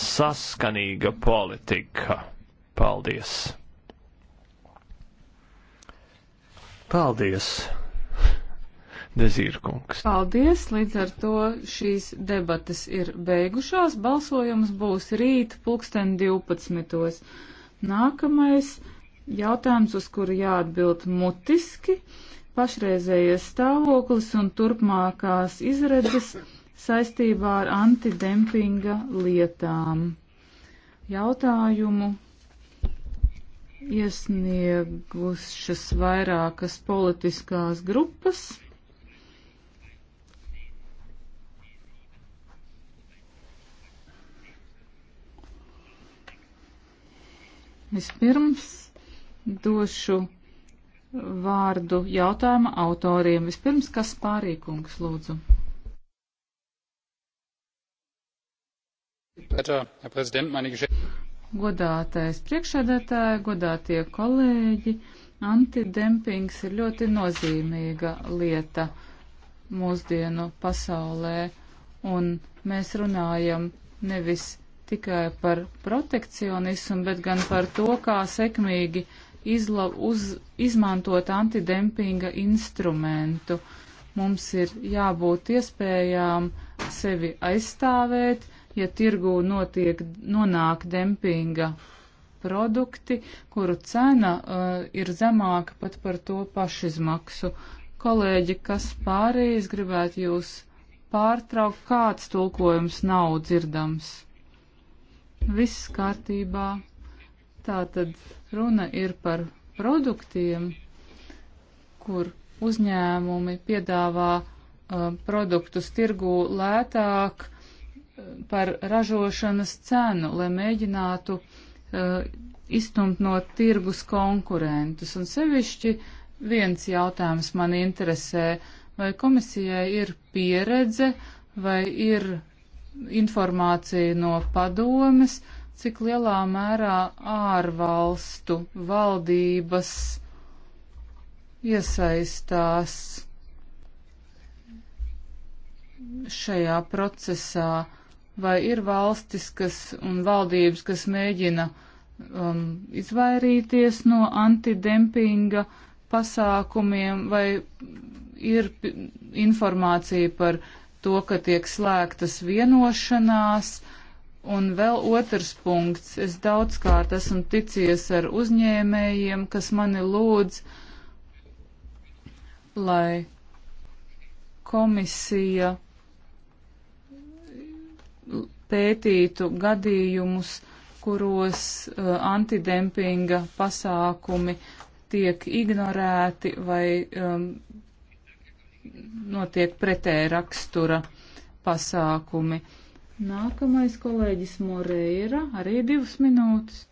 saskanīga politika. Paldies! Paldies! Dezīrkungs. Paldies, līdz ar to šīs debates ir beigušās. Balsojums būs rīt pulksten 12. Nākamais jautājums, uz kuru jāatbild mutiski, pašreizējais stāvoklis un turpmākās izredzes saistībā ar antidempinga lietām. Jautājumu iesniegušas vairākas politiskās grupas. Vispirms došu vārdu jautājuma autoriem. Vispirms, kas pārīkums, lūdzu. Godātais priekšsēdētāji, godātie kolēģi, antidempings ir ļoti nozīmīga lieta mūsdienu pasaulē, un mēs runājam nevis tikai par protekcionismu, bet gan par to, kā sekmīgi izla, uz, izmantot antidempinga instrumentu. Mums ir jābūt iespējām sevi aizstāvēt, ja tirgū notiek, nonāk dempinga produkti, kuru cena uh, ir zemāka pat par to pašizmaksu. Kolēģi, kas pārējais gribētu jūs pārtraukt, kāds tulkojums nav dzirdams? Viss kārtībā. Tātad runa ir par produktiem, kur uzņēmumi piedāvā uh, produktus tirgū lētāk, uh, par ražošanas cenu, lai mēģinātu uh, izstumt no tirgus konkurentus. Un sevišķi viens jautājums man interesē, vai komisijai ir pieredze vai ir informācija no padomes, cik lielā mērā ārvalstu valdības iesaistās šajā procesā vai ir valstis kas, un valdības, kas mēģina um, izvairīties no antidempinga pasākumiem, vai ir informācija par to, ka tiek slēgtas vienošanās. Un vēl otrs punkts. Es daudzkārt esmu ticies ar uzņēmējiem, kas mani lūdz, lai komisija pētītu gadījumus, kuros uh, antidempinga pasākumi tiek ignorēti vai um, notiek pretēja rakstura pasākumi. Nākamais kolēģis Moreira, arī divas minūtes.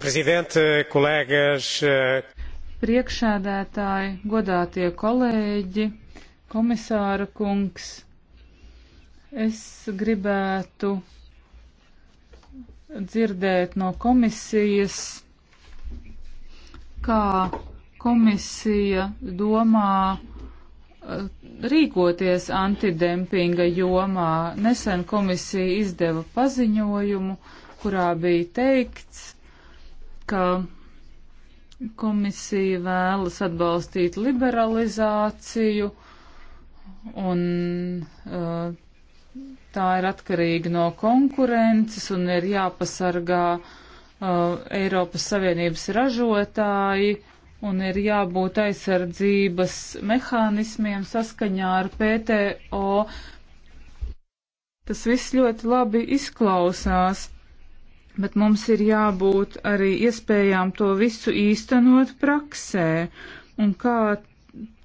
Prezidente, kolēģis. Eh, Priekšēdētāji, godātie kolēģi, komisāra kungs. Es gribētu dzirdēt no komisijas, kā komisija domā eh, rīkoties antidempinga jomā. Nesen komisija izdeva paziņojumu, kurā bija teikts, ka komisija vēlas atbalstīt liberalizāciju un uh, tā ir atkarīga no konkurences un ir jāpasargā uh, Eiropas Savienības ražotāji un ir jābūt aizsardzības mehānismiem saskaņā ar PTO. Tas viss ļoti labi izklausās, bet mums ir jābūt arī iespējām to visu īstenot praksē. Un kā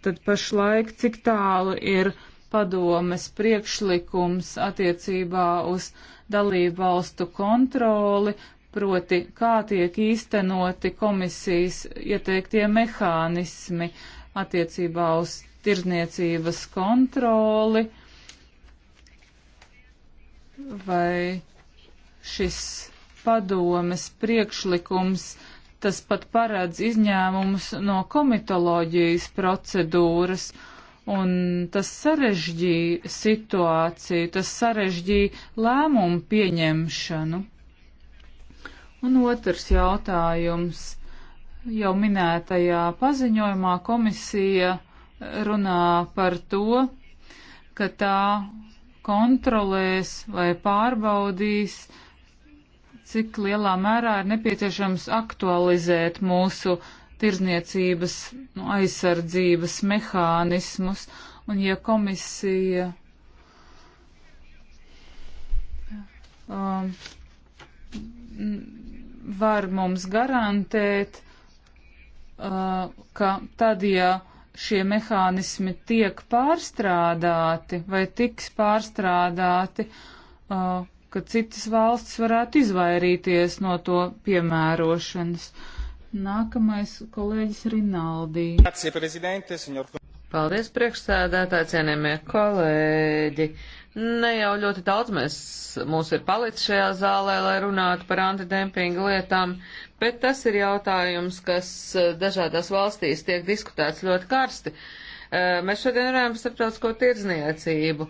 tad pašlaik, cik tālu ir padomes priekšlikums attiecībā uz dalību valstu kontroli, proti kā tiek īstenoti komisijas ieteiktie mehānismi attiecībā uz tirzniecības kontroli vai šis padomes priekšlikums, tas pat paredz izņēmumus no komitoloģijas procedūras Un tas sarežģīja situāciju, tas sarežģīja lēmumu pieņemšanu. Un otrs jautājums. Jau minētajā paziņojumā komisija runā par to, ka tā kontrolēs vai pārbaudīs, cik lielā mērā ir nepieciešams aktualizēt mūsu tirzniecības nu, aizsardzības mehānismus, un ja komisija um, var mums garantēt, uh, ka tad, ja šie mehānismi tiek pārstrādāti vai tiks pārstrādāti, uh, ka citas valsts varētu izvairīties no to piemērošanas. Uh, Nākamais kolēģis Rinaldī. Paldies, priekšsēdētāji, cienījamie kolēģi. Ne jau ļoti daudz mēs, mūs ir palicis šajā zālē, lai runātu par antidempingu lietām, bet tas ir jautājums, kas eh, dažādās valstīs tiek diskutēts ļoti karsti. Eh, mēs šodien runājam par starptautisko tirdzniecību,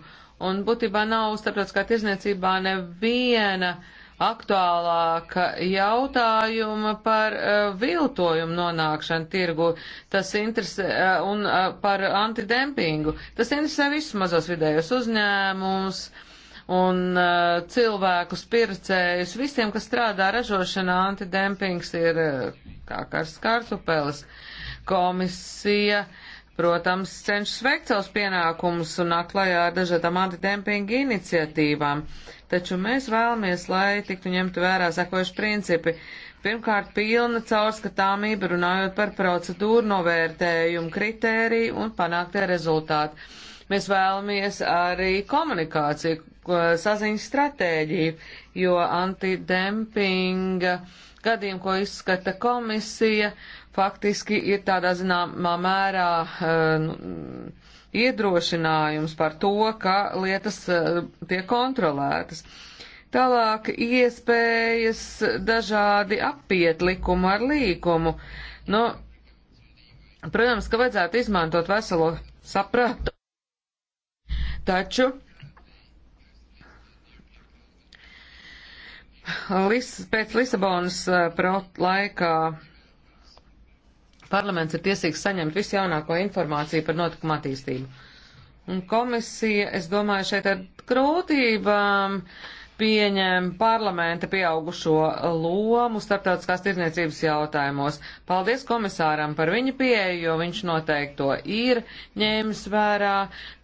un būtībā nav starptautiskā tirdzniecībā neviena uh, aktuālāka jautājuma par uh, viltojumu nonākšanu tirgu tas interesē, uh, un uh, par antidempingu. Tas interesē visus mazos vidējos uzņēmumus un uh, cilvēkus, pircējus, visiem, kas strādā ražošanā, antidempings ir uh, kā kārs kartupeles. Komisija uh, protams, cenšas veikt savus pienākumus un nāk klajā ar dažādām antidempinga iniciatīvām, taču mēs vēlamies, lai tiktu ņemti vērā sekojuši principi. Pirmkārt, pilna caurskatāmība runājot par procedūru novērtējumu kritēriju un panāktie rezultāti. Mēs vēlamies arī komunikāciju, saziņas stratēģiju, jo antidempinga gadījumu, ko izskata komisija, uh, faktiski ir tādā zināmā mērā eh, nu, iedrošinājums par to, ka lietas eh, tiek kontrolētas. Tālāk iespējas dažādi apiet likumu ar līkumu. Nu, protams, ka vajadzētu izmantot veselo saprātu. Taču Lis, pēc Lisabonas eh, prot laikā Parlaments ir tiesīgs saņemt visu jaunāko informāciju par notikumu attīstību. Un komisija, es domāju, šeit ar grūtībām pieņem parlamenta pieaugušo lomu starptautiskās tirdzniecības jautājumos. Paldies komisāram par viņa pieeju, jo viņš noteikti to ir ņēmis vērā,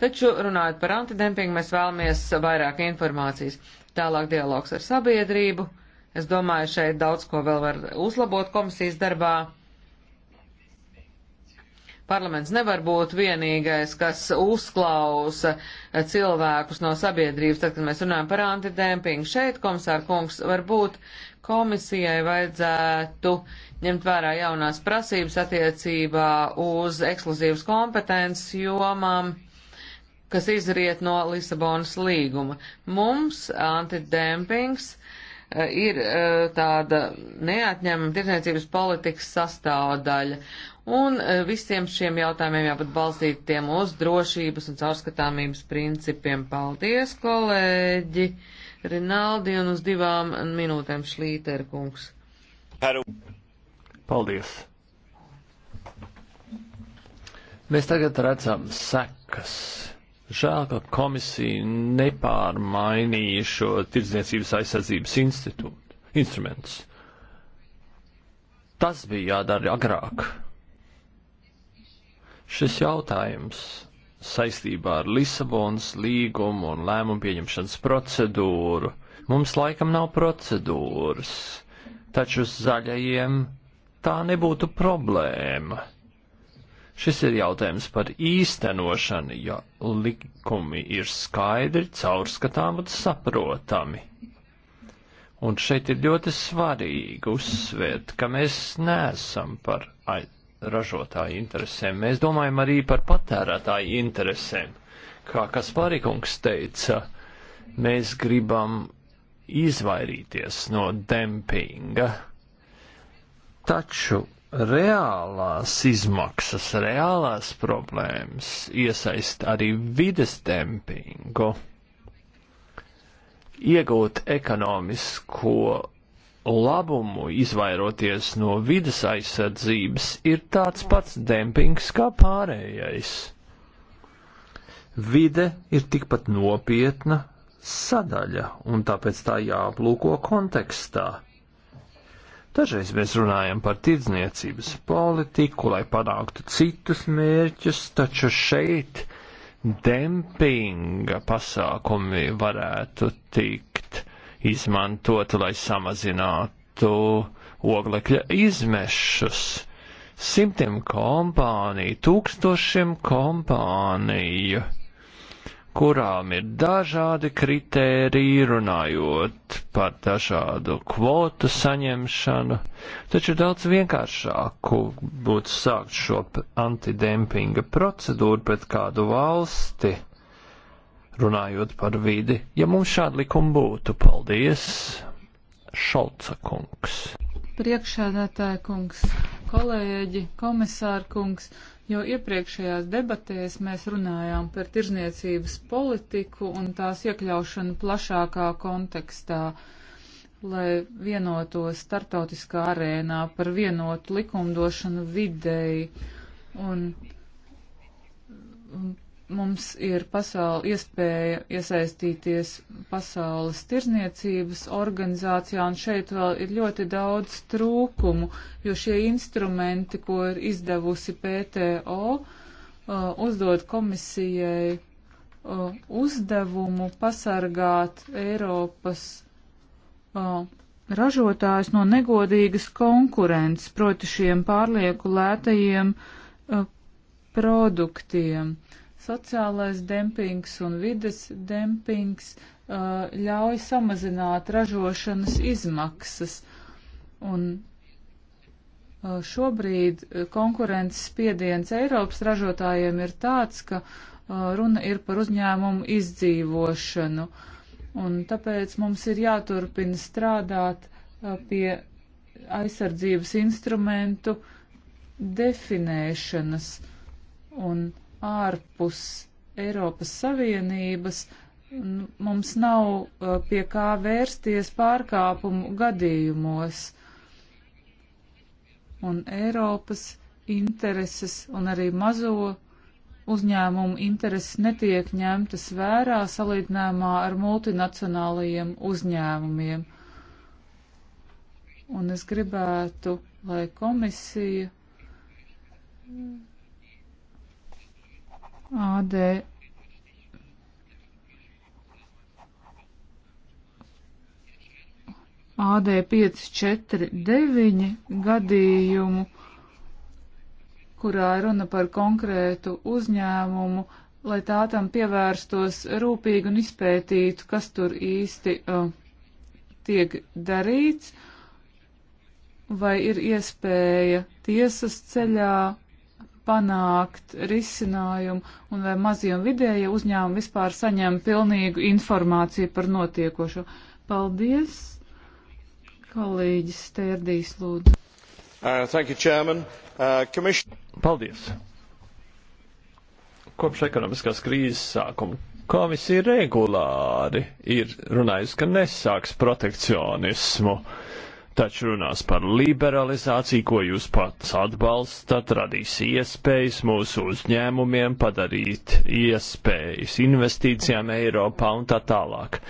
taču runājot par antidempingu, mēs vēlamies vairāk informācijas. Tālāk dialogs ar sabiedrību. Es domāju, šeit daudz ko vēl var uzlabot komisijas darbā. Parlaments nevar būt vienīgais, kas uzklausa cilvēkus no sabiedrības, tad, kad mēs runājam par antidempingu. Šeit, komisār kungs, varbūt komisijai vajadzētu ņemt vērā jaunās prasības attiecībā uz ekskluzīvas kompetences jomām kas izriet no Lisabonas līguma. Mums antidempings e, ir e, tāda neatņemama tirdzniecības politikas sastāvdaļa, Un e, visiem šiem jautājumiem jābūt balstītiem uz drošības un caurskatāmības principiem. Paldies, kolēģi Rinaldi, un uz divām minūtēm Šlīterkungs. Paldies! Mēs tagad redzam sekas. Žēl, ka komisija nepārmainīja šo tirdzniecības aizsardzības instrumentus. Tas bija jādara agrāk Šis jautājums saistībā ar Lisabonas līgumu un lēmumu pieņemšanas procedūru. Mums laikam nav procedūras, taču zaļajiem tā nebūtu problēma. Šis ir jautājums par īstenošanu, jo likumi ir skaidri, caurskatām un saprotami. Un šeit ir ļoti svarīgi uzsvērt, ka mēs neesam par ražotāju interesēm, mēs domājam arī par patērētāju interesēm. Kā Kasparikungs teica, mēs gribam izvairīties no dempinga, taču reālās izmaksas, reālās problēmas iesaist arī vides dempingu, iegūt ekonomisko labumu, izvairoties no vidas aizsardzības, ir tāds pats dempings kā pārējais. Vide ir tikpat nopietna sadaļa, un tāpēc tā jāaplūko kontekstā. Dažreiz mēs runājam par tirdzniecības politiku, lai panāktu citus mērķus, taču šeit dempinga pasākumi varētu tik izmantot, lai samazinātu oglekļa izmešus. Simtiem kompāniju, tūkstošiem kompāniju, kurām ir dažādi kritēriji runājot par dažādu kvotu saņemšanu, taču ir daudz vienkāršāku būtu sākt šo antidempinga procedūru pret kādu valsti runājot par vidi. Ja mums šāda likuma būtu, paldies, Šalca kungs. Priekšēdētāja kungs, kolēģi, komisāra kungs, jo iepriekšējās debatēs mēs runājām par tirzniecības politiku un tās iekļaušanu plašākā kontekstā, lai vienotos startautiskā arēnā par vienotu likumdošanu videi un, un mums ir pasauli, iespēja iesaistīties pasaules tirzniecības organizācijā, un šeit vēl ir ļoti daudz trūkumu, jo šie instrumenti, ko ir izdevusi PTO, uh, uzdod komisijai uh, uzdevumu pasargāt Eiropas uh, ražotājus no negodīgas konkurences, proti šiem pārlieku lētajiem uh, produktiem. Uh, Sociālais dempings un vides dempings uh, ļauj samazināt ražošanas izmaksas. Un uh, šobrīd uh, konkurences spiediens Eiropas ražotājiem ir tāds, ka uh, runa ir par uzņēmumu izdzīvošanu. Un tāpēc mums ir jāturpina strādāt uh, pie aizsardzības instrumentu definēšanas un uh, ārpus Eiropas Savienības mums nav uh, pie kā vērsties pārkāpumu gadījumos. Un Eiropas intereses un arī mazo uzņēmumu intereses netiek ņemtas vērā salīdzinājumā ar multinacionālajiem uzņēmumiem. Un es gribētu, lai komisija AD AD 549 gadījumu, kurā runa par konkrētu uzņēmumu, lai tā tam pievērstos rūpīgi un izpētītu, kas tur īsti uh, tiek darīts, vai ir iespēja tiesas ceļā panākt risinājumu un vai mazie un vidējie uzņēmumi vispār saņem pilnīgu informāciju par notiekošo. Paldies, kolēģis Stērdīs lūdzu. Uh, thank you, Chairman. Uh, commission... Paldies. Kopš ekonomiskās krīzes sākuma komisija regulāri ir runājusi, ka nesāks protekcionismu. Uh, taču runās par liberalizāciju, ko jūs pats atbalstat, radīs iespējas mūsu uzņēmumiem, padarīt iespējas investīcijām Eiropā un tā tālāk.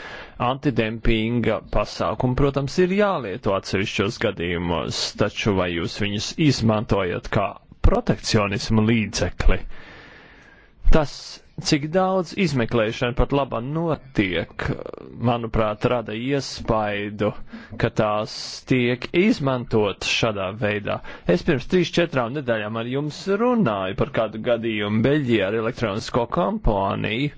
Antidempinga pasākumi, protams, ir jālieto atsevišķos gadījumos, taču vai jūs viņus izmantojat kā protekcionismu līdzekli? Tas Cik daudz izmeklēšana pat laba notiek, manuprāt, rada iespaidu, ka tās tiek izmantotas šādā veidā. Es pirms 3-4 nedēļām ar jums runāju par kādu gadījumu Beļģijā ar elektronisko kompāniju.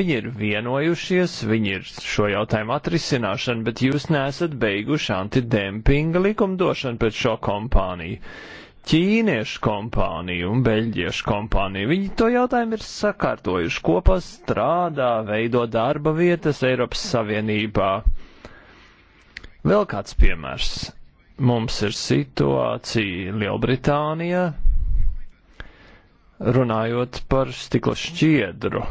Viņi ir vienojušies, viņi ir šo jautājumu atrisināšanu, bet jūs nesat beiguši antidempinga likumdošanu pret šo kompāniju ķīniešu kompāniju un beļģiešu kompāniju. Viņi to jautājumu ir sakārtojuši kopā, strādā, veido darba vietas Eiropas Savienībā. Vēl kāds piemērs. Mums ir situācija Lielbritānijā, runājot par stikla šķiedru.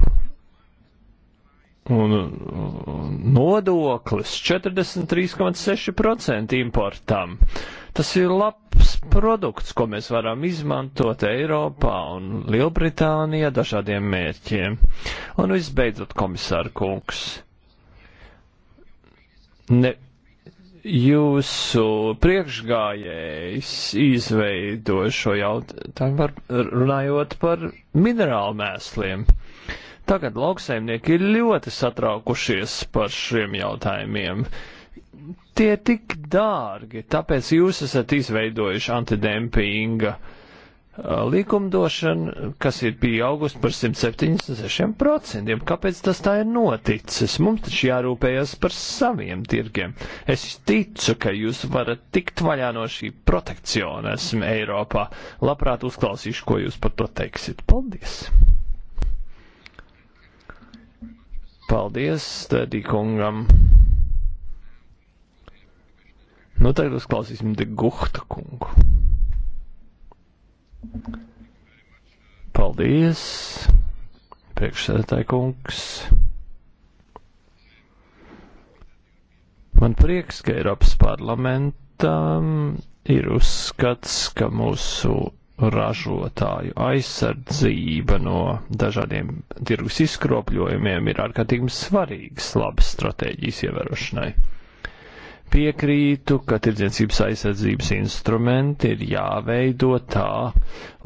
Un, un nodoklis 43,6% importam. Uh, Tas ir labs produkts, ko mēs varam izmantot Eiropā un Lielbritānijā dažādiem mērķiem. Un visbeidzot, komisāra kungs. Ne, jūsu priekšgājējs izveido šo jautājumu, par, runājot par minerālu mēsliem. Tagad lauksaimnieki ir ļoti satraukušies par šiem jautājumiem. Uh, tie ir tik dārgi, tāpēc jūs esat izveidojuši antidempinga uh, likumdošanu, kas ir pieaugusi par 176%. Kāpēc tas tā ir noticis? Mums taču jārūpējas par saviem tirgiem. Es ticu, ka jūs varat tikt vaļā no šī protekcionisma Eiropā. Labprāt uzklausīšu, ko jūs par to teiksiet. Paldies! Paldies, Tedī kungam! Nu, tagad uzklausīsim te Guhta kungu. Paldies, priekšsēdētāji kungs. Man prieks, ka Eiropas parlamentam ir uzskats, ka mūsu ražotāju aizsardzība no dažādiem tirgus izkropļojumiem ir ārkārtīgi svarīgs labas stratēģijas ievērošanai piekrītu, ka tirdzniecības aizsardzības instrumenti ir jāveido tā,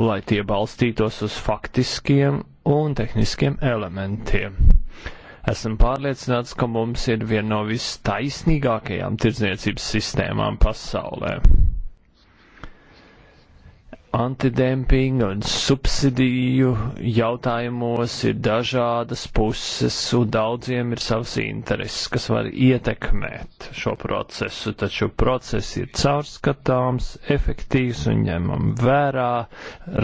lai tie balstītos uz faktiskiem un tehniskiem elementiem. Esmu pārliecināts, ka mums ir viena no vistaisnīgākajām tirdzniecības sistēmām pasaulē antidempinga un subsidiju jautājumos ir dažādas puses, un daudziem ir savs intereses, kas var ietekmēt šo procesu, taču process ir caurskatāms, efektīvs un ņemam vērā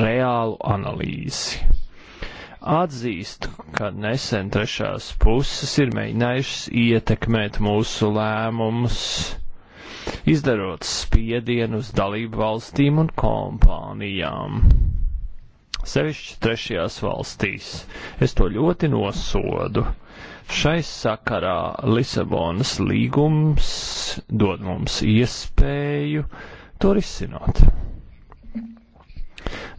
reālu analīzi. Atzīst, ka nesen trešās puses ir mēģinājušas ietekmēt mūsu lēmumus, izdarot spiedienu uz dalību valstīm un kompānijām. Sevišķi trešajās valstīs. Es to ļoti nosodu. Šai sakarā Lisabonas līgums dod mums iespēju to risināt.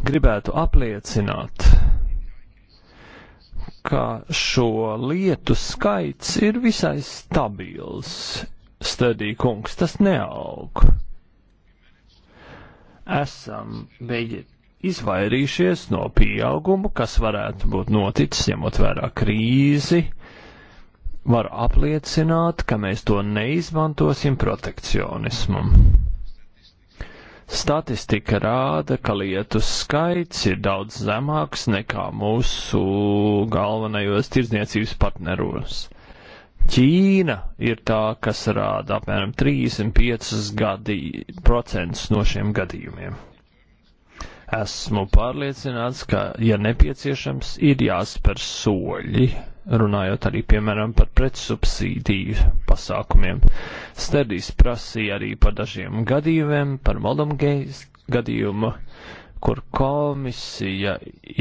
Gribētu apliecināt, ka šo lietu skaits ir visai stabils, stadī kungs, tas neaug. Esam beigi izvairījušies no pieauguma, kas varētu būt noticis, ņemot vērā krīzi. Var apliecināt, ka mēs to neizmantosim protekcionismam. Statistika rāda, ka lietu skaits ir daudz zemāks nekā mūsu galvenajos tirdzniecības partneros. Ķīna ir tā, kas rāda apmēram 35% no šiem gadījumiem. Esmu pārliecināts, ka, ja nepieciešams, ir jāspēr soļi, runājot arī, piemēram, par pretsubsīdiju pasākumiem. Sterdīs prasīja arī par dažiem gadījumiem, par Moldomgejas gadījumu, uh, kur komisija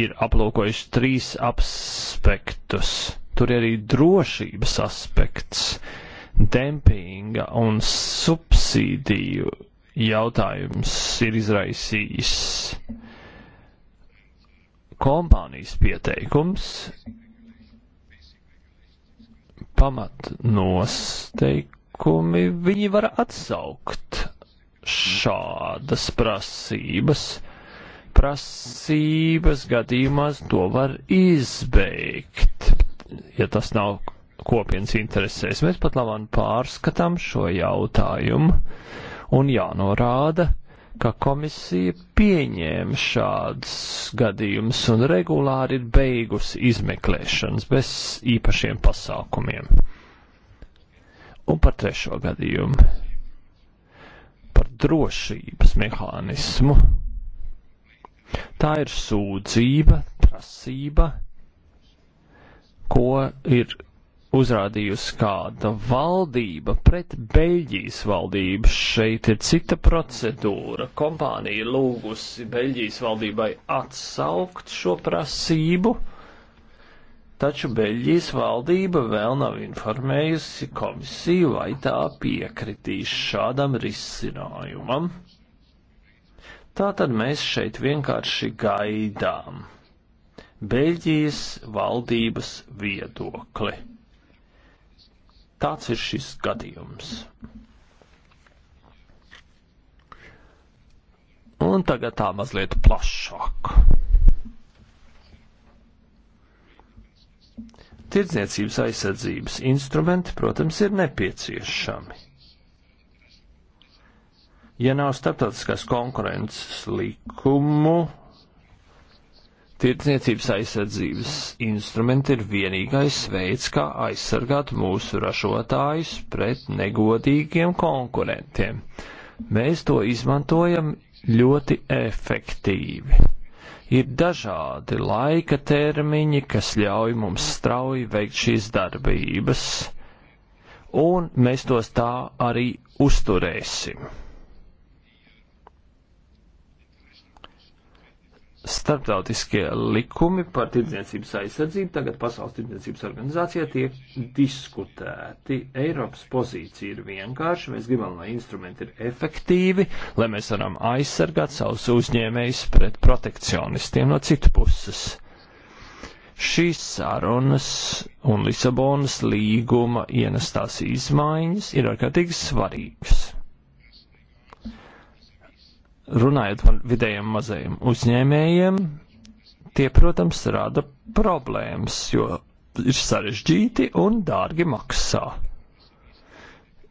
ir aplūkojuši trīs aspektus. Tur ir arī drošības aspekts, dempinga un subsīdiju jautājums ir izraisījis kompānijas pieteikums pamatnosteikumi viņi var atsaukt šādas prasības prasības gadījumās to var izbeigt, ja tas nav kopienas interesēs. Mēs pat labāk pārskatām šo jautājumu un jānorāda, ka komisija pieņēma šādus gadījumus un regulāri ir beigusi izmeklēšanas bez īpašiem pasākumiem. Un par trešo gadījumu. Par drošības mehānismu Tā ir sūdzība, prasība, ko ir uzrādījusi kāda valdība pret Beļģijas valdību. Šeit ir cita procedūra. Kompānija lūgusi Beļģijas valdībai atsaukt šo prasību, taču Beļģijas valdība vēl nav informējusi komisiju, vai tā piekritīs šādam risinājumam. Tā tad mēs šeit vienkārši gaidām Beļģijas valdības viedokli. Tāds ir šis gadījums. Un tagad tā mazliet plašāk. Tirdzniecības aizsardzības instrumenti, protams, ir nepieciešami Ja nav starptautiskās konkurences likumu, tirdzniecības aizsardzības instrumenti ir vienīgais veids, kā aizsargāt mūsu ražotājus pret negodīgiem konkurentiem. Mēs to izmantojam ļoti efektīvi. Ir dažādi laika termiņi, kas ļauj mums strauji veikt šīs darbības, un mēs tos tā arī uzturēsim. starptautiskie likumi par tirdzniecības aizsardzību tagad Pasaules tirdzniecības organizācijā tiek diskutēti. Eiropas pozīcija ir vienkārša, mēs gribam, lai instrumenti ir efektīvi, lai mēs varam aizsargāt savus uzņēmējus pret protekcionistiem no citu puses. Šīs sarunas un Lisabonas līguma ienestās izmaiņas ir ārkārtīgi svarīgas runājot par vidējiem mazajiem uzņēmējiem, tie, protams, rada problēmas, jo ir sarežģīti un dārgi maksā.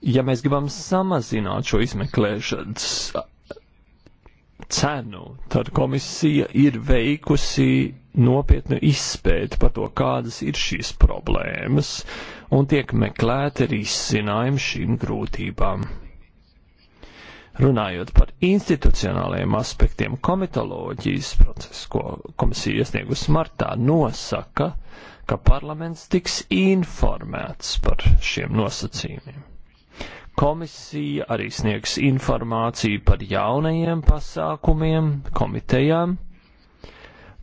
Ja mēs gribam samazināt šo izmeklēšanas cenu, tad komisija ir veikusi nopietnu izpēti par to, kādas ir šīs problēmas, un tiek meklēti risinājumi šīm grūtībām. Runājot par institucionālajiem aspektiem, komitoloģijas procesu, ko komisija iesniegus martā, nosaka, ka parlaments tiks informēts par šiem nosacījumiem. Komisija arī sniegs informāciju par jaunajiem pasākumiem, komitejām,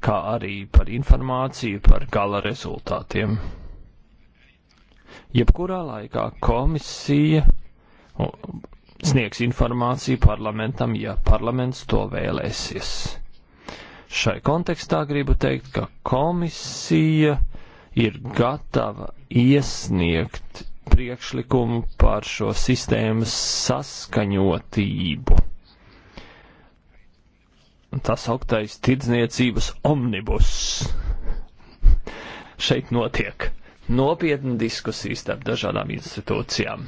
kā arī par informāciju par gala rezultātiem. Jebkurā laikā komisija sniegs informāciju parlamentam, ja parlaments to vēlēsies. Šai kontekstā gribu teikt, ka komisija ir gatava iesniegt priekšlikumu par šo sistēmas saskaņotību. Tas augtais tirdzniecības omnibus. Šeit notiek nopietna diskusija starp dažādām institūcijām.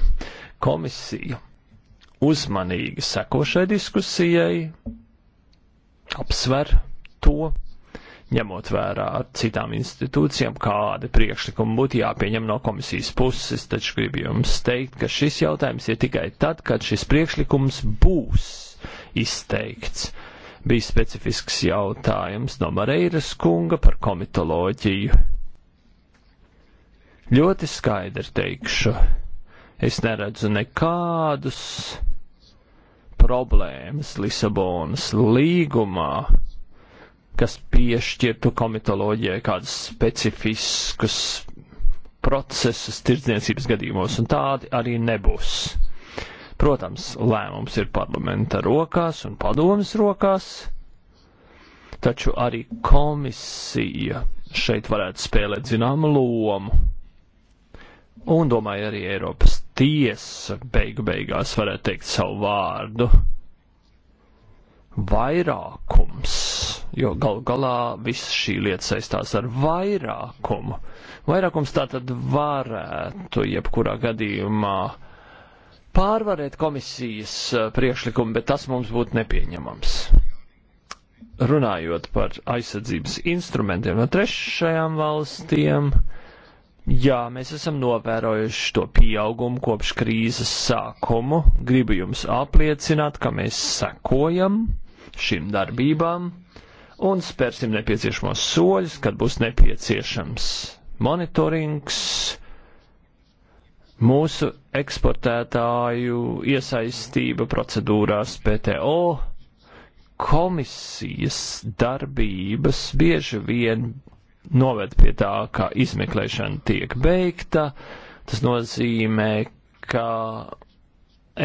Komisija uzmanīgi seko šai diskusijai, apsver to, ņemot vērā ar citām institūcijām, kādi priekšlikumi būtu jāpieņem no komisijas puses, taču gribu jums teikt, ka šis jautājums ir tikai tad, kad šis priekšlikums būs izteikts. Bija specifisks jautājums no Mareiras kunga par komitoloģiju. Ļoti skaidri teikšu, es neredzu nekādus problēmas Lisabonas līgumā, kas piešķirtu komitoloģijai kādus specifiskus procesus tirdzniecības gadījumos, un tādi arī nebūs. Protams, lēmums ir parlamenta rokās un padomas rokās, taču arī komisija šeit varētu spēlēt zināmu lomu. Un domāju arī Eiropas tiesa beigu beigās varētu teikt savu vārdu. Vairākums, jo gal galā viss šī lieta saistās ar vairākumu. Vairākums tātad varētu jebkurā gadījumā pārvarēt komisijas eh, priekšlikumu, bet tas mums būtu nepieņemams. Runājot par aizsardzības instrumentiem no trešajām valstīm, uh, Jā, mēs esam novērojuši to pieaugumu kopš krīzes sākumu. Gribu jums apliecināt, ka mēs sekojam šīm darbībām un spērsim nepieciešamos soļus, kad būs nepieciešams monitorings, mūsu eksportētāju iesaistība procedūrās PTO, komisijas darbības bieži vien noved pie tā, ka izmeklēšana tiek beigta. Tas nozīmē, ka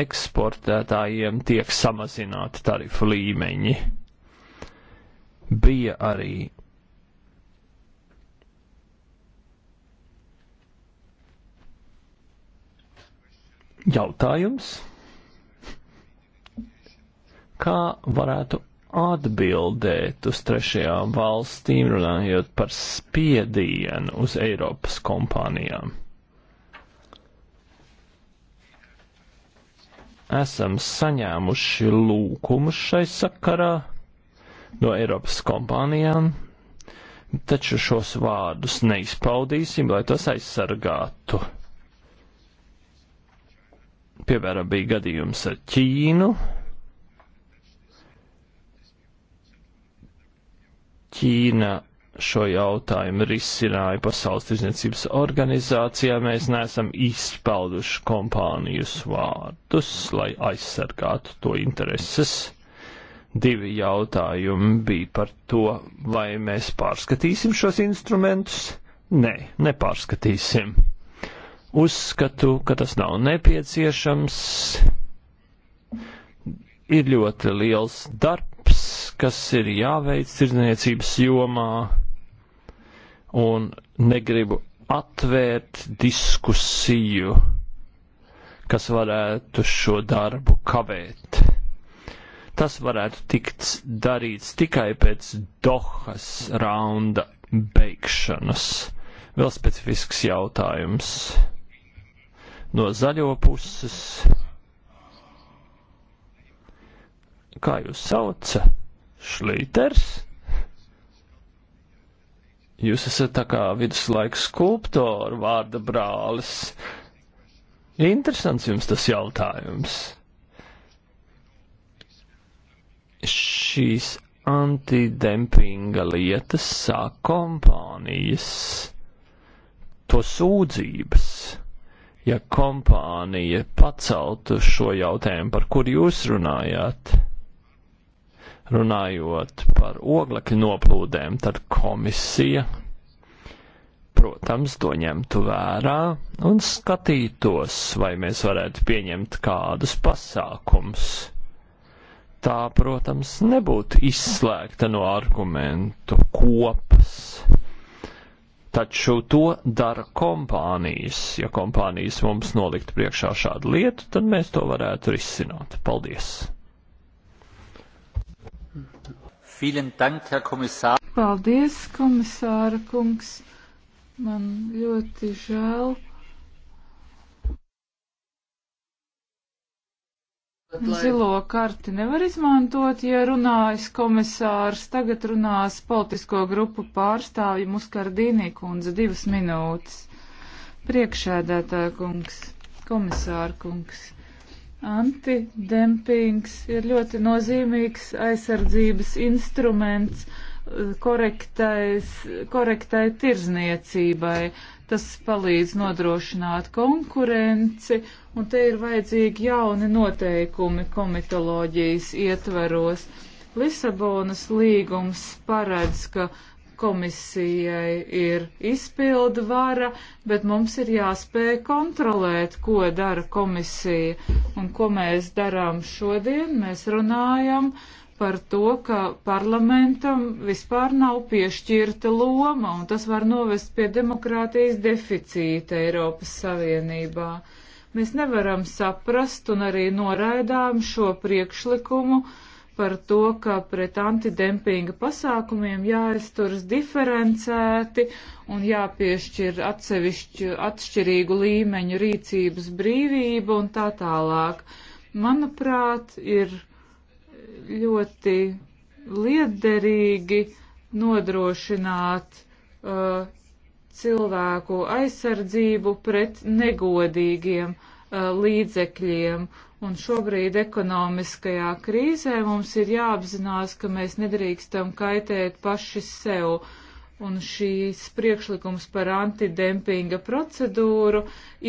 eksportētājiem tiek samazināti tarifu līmeņi. Bija arī jautājums, kā varētu atbildēt uz trešajām valstīm, runājot par spiedienu uz Eiropas kompānijām. Esam saņēmuši lūkumus šai sakarā no Eiropas kompānijām, taču šos vārdus neizpaudīsim, lai tos aizsargātu. Piemēram, bija gadījums ar Ķīnu, Ķīna šo jautājumu risināja Pasaules tirzniecības organizācijā, mēs neesam izpelduši kompānijas vārdus, lai aizsargātu to intereses. Divi jautājumi bija par to, vai mēs pārskatīsim šos instrumentus. Nē, nepārskatīsim. Uzskatu, ka tas nav nepieciešams. Ir ļoti liels darbs kas ir jāveic tirdzniecības jomā, un negribu atvērt diskusiju, kas varētu šo darbu kavēt. Tas varētu tikt darīts tikai pēc Dohas raunda beigšanas. Vēl specifisks jautājums. No zaļo puses. Kā jūs saucat? Šlīters? Jūs esat tā kā viduslaika skulptoru vārda brālis. Interesants jums tas jautājums. Šīs antidempinga lietas sāk kompānijas, to sūdzības. Ja kompānija paceltu šo jautājumu, par kur jūs runājāt, Runājot par oglekļu noplūdēm, tad komisija, protams, to ņemtu vērā un skatītos, vai mēs varētu pieņemt kādus pasākums. Tā, protams, nebūtu izslēgta no argumentu kopas taču to dara kompānijas. Ja kompānijas mums nolikt priekšā šādu lietu, tad mēs to varētu risināt. Paldies! Paldies, komisāra kungs. Man ļoti žēl. Zilo karti nevar izmantot, ja runājas komisārs. Tagad runās politisko grupu pārstāvju Muskardīnī kundze divas minūtes. Priekšēdētāja kungs, komisāra kungs. Antidempings ir ļoti nozīmīgs aizsardzības instruments eh, korektais, korektai tirzniecībai. Tas palīdz nodrošināt konkurenci, un te ir vajadzīgi jauni noteikumi komitoloģijas ietveros. Lisabonas līgums paredz, ka Komisijai ir izpildu vara, bet mums ir jāspēj kontrolēt, ko dara komisija un ko mēs darām šodien. Mēs runājam par to, ka parlamentam vispār nav piešķirta loma, un tas var novest pie demokrātijas deficīta Eiropas Savienībā. Mēs nevaram saprast un arī noraidām šo priekšlikumu, uh, par to, ka pret antidempinga pasākumiem jāizturas diferencēti un jāpiešķir atsevišķu atšķirīgu līmeņu rīcības brīvība un tā tālāk. Manuprāt, ir ļoti liederīgi nodrošināt uh, cilvēku aizsardzību pret negodīgiem uh, līdzekļiem Un šobrīd ekonomiskajā krīzē mums ir jāapzinās, ka mēs nedrīkstam kaitēt paši sev. Un šīs priekšlikums par antidempinga procedūru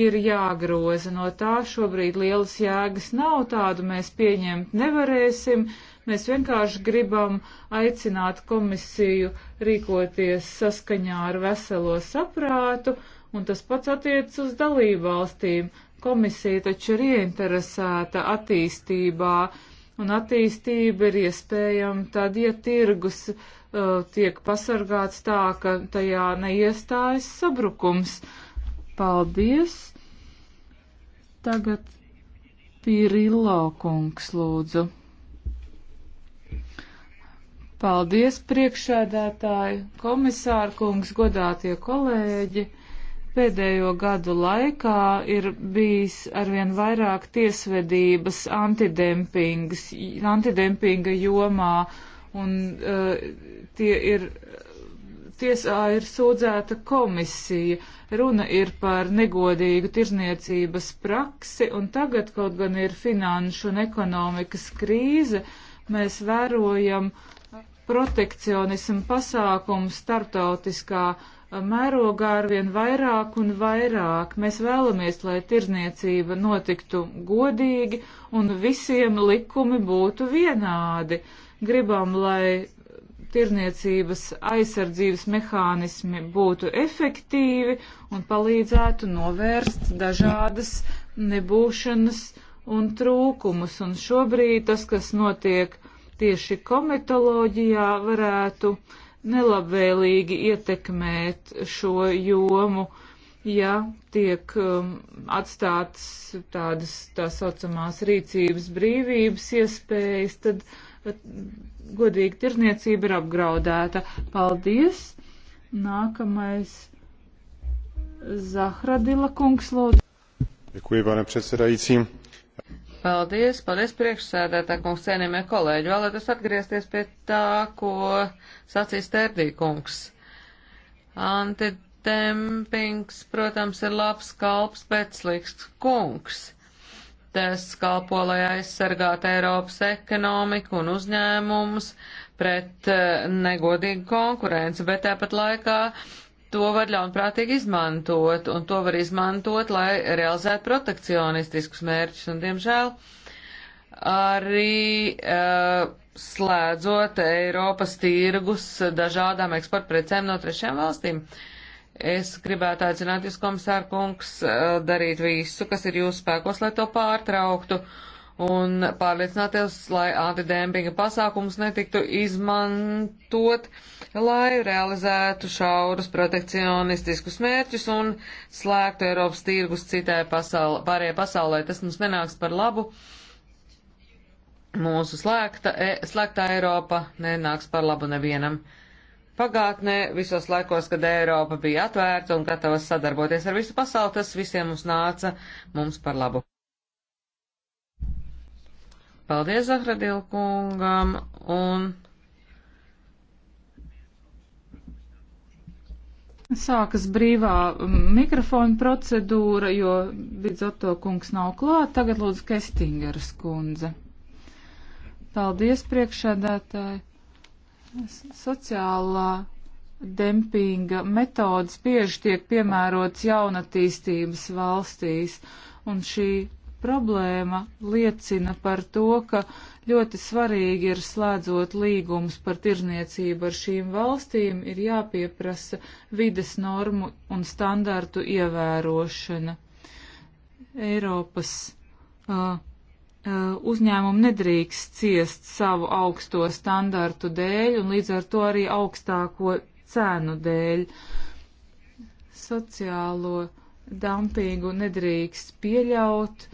ir jāgroza. No tā šobrīd lielas jēgas nav, tādu mēs pieņemt nevarēsim. Mēs vienkārši gribam aicināt komisiju rīkoties saskaņā ar veselo saprātu Un tas pats attiecas uz dalību valstīm. Komisija taču ir ieinteresēta attīstībā, un attīstība ir iespējama tad, ja tirgus uh, tiek pasargāts tā, ka tajā neiestājas sabrukums. Paldies! Tagad Pirillo kungs lūdzu. Paldies, priekšsēdētāji, komisārkungs, godātie kolēģi! Pēdējo gadu laikā ir bijis arvien vairāk tiesvedības antidempinga jomā, un uh, tie ir, tiesā ir sūdzēta komisija. Runa ir par negodīgu tirzniecības praksi, un tagad, kaut gan ir finanšu un ekonomikas krīze, mēs vērojam protekcionismu pasākumu starptautiskā mērogā arvien vairāk un vairāk. Mēs vēlamies, lai tirzniecība notiktu godīgi un visiem likumi būtu vienādi. Gribam, lai tirzniecības aizsardzības mehānismi būtu efektīvi un palīdzētu novērst dažādas nebūšanas un trūkumus. Un šobrīd tas, kas notiek tieši komitoloģijā, varētu uh, nelabvēlīgi ietekmēt šo jomu, ja tiek um, atstātas tādas tā saucamās rīcības brīvības iespējas, tad at, godīgi tirniecība ir apgraudēta. Paldies! Nākamais Zahradila kungs lūdzu. Děkuji, pane předsedající Paldies, paldies priekšsēdētā kungs, cienījamie kolēģi. Vēlētos atgriezties pie tā, ko sacīs Tērdī kungs. Antidempings, protams, ir labs kalps, bet slikts kungs. Tas kalpo, lai aizsargātu Eiropas ekonomiku un uzņēmumus pret eh, negodīgu konkurenci, bet tāpat laikā to var ļaunprātīgi izmantot, un to var izmantot, lai realizētu protekcionistiskus mērķus, un, diemžēl, arī uh, slēdzot Eiropas tirgus dažādām eksportprecēm no trešajām valstīm. Es gribētu aicināt jūs, komisār kungs, eh, darīt visu, kas ir jūsu spēkos, lai to pārtrauktu. Uh, un pārliecināties, lai antidempinga pasākums netiktu izmantot, lai realizētu šaurus protekcionistiskus mērķus un slēgtu Eiropas tirgus citai pasaulē, pārējai pasaulē. Tas mums nenāks par labu. Mūsu slēgta, e, slēgtā Eiropa nenāks par labu nevienam. Pagātnē, visos laikos, kad Eiropa bija atvērta un gatava sadarboties ar visu pasauli, tas visiem mums nāca mums par labu. Paldies Zahradil kungam un. Sākas brīvā mikrofona procedūra, jo Bidzoto kungs nav klāt. Tagad lūdzu Kestingeras kundze. Paldies priekšēdētāji. Sociālā dempinga metodas bieži tiek piemērots jaunatīstības valstīs, un šī problēma liecina par to, ka ļoti svarīgi ir slēdzot līgumus par tirzniecību ar šīm valstīm, ir jāpieprasa vides normu un standartu ievērošana. Eiropas uh, uh uzņēmumi nedrīkst ciest savu augsto standartu dēļ un līdz ar to arī augstāko cēnu dēļ. Sociālo dumpingu nedrīkst pieļaut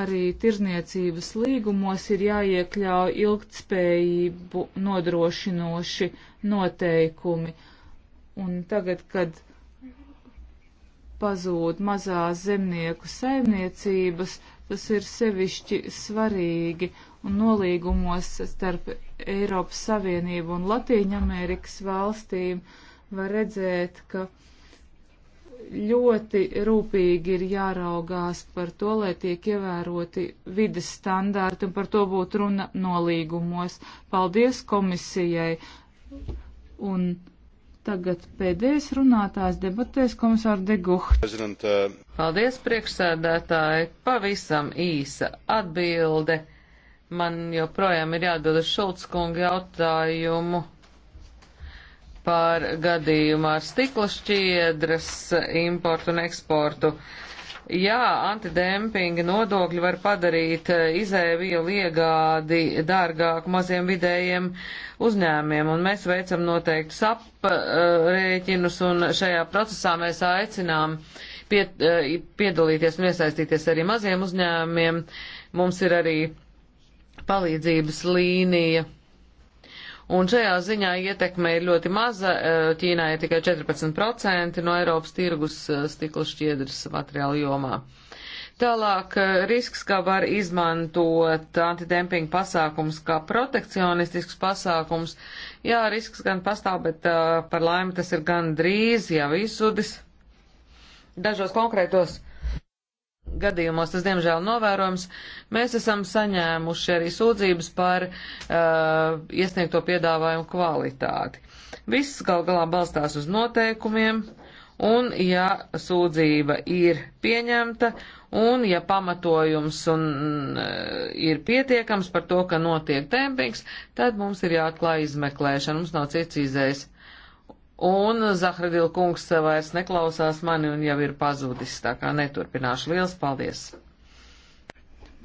Arī tirzniecības līgumos ir jāiekļauj ilgtspējību nodrošinoši noteikumi. Un tagad, kad pazūd mazās zemnieku saimniecības, tas ir sevišķi svarīgi un nolīgumos starp Eiropas Savienību un Latīņamerikas valstīm var redzēt, ka ļoti rūpīgi ir jāraugās par to, lai tiek ievēroti vides standārti, un par to būtu runa nolīgumos. Paldies komisijai! Un tagad pēdējais runātājs debatēs komisāru Deguht. Uh, Paldies, priekšsēdētāji! Pavisam īsa atbilde. Man joprojām ir jāatbild uz Šulckunga jautājumu par gadījumu ar stikla šķiedras importu un eksportu. Jā, antidempinga nodokļi var padarīt eh, izēvielu iegādi dārgāku maziem vidējiem uzņēmiem, un mēs veicam noteiktus aprēķinus, eh, un šajā procesā mēs aicinām piet, eh, piedalīties un iesaistīties arī maziem uzņēmumiem. Mums ir arī palīdzības līnija Un šajā ziņā ietekme ir ļoti maza. Eh, Ķīnā ir tikai 14% no Eiropas tirgus eh, stikla šķiedras materiāla jomā. Tālāk eh, risks, ka var izmantot antidempinga pasākums kā protekcionistisks pasākums. Jā, risks gan pastāv, bet uh, par laimi tas ir gan drīz, ja izsudis. Dažos konkrētos uh, gadījumos tas diemžēl novērojams. Mēs esam saņēmuši arī sūdzības par uh, iesniegto piedāvājumu kvalitāti. Viss gal galā balstās uz noteikumiem, un ja sūdzība ir pieņemta, un ja pamatojums un, uh, ir pietiekams par to, ka notiek dempings, tad mums ir jāatklāj izmeklēšana, mums nav cits izējas. Un Zahradil kungs vairs neklausās mani un jau ir pazudis, tā kā neturpināšu. Liels paldies!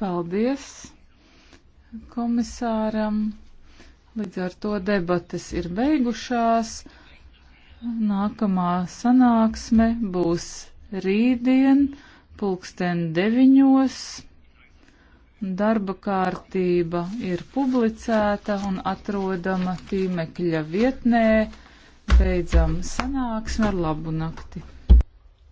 Paldies komisāram! Līdz ar to debates ir beigušās. Nākamā sanāksme būs rītdien, pulksten deviņos. Darba kārtība ir publicēta un atrodama tīmekļa vietnē. Beidzam sanāksmi ar labu nakti.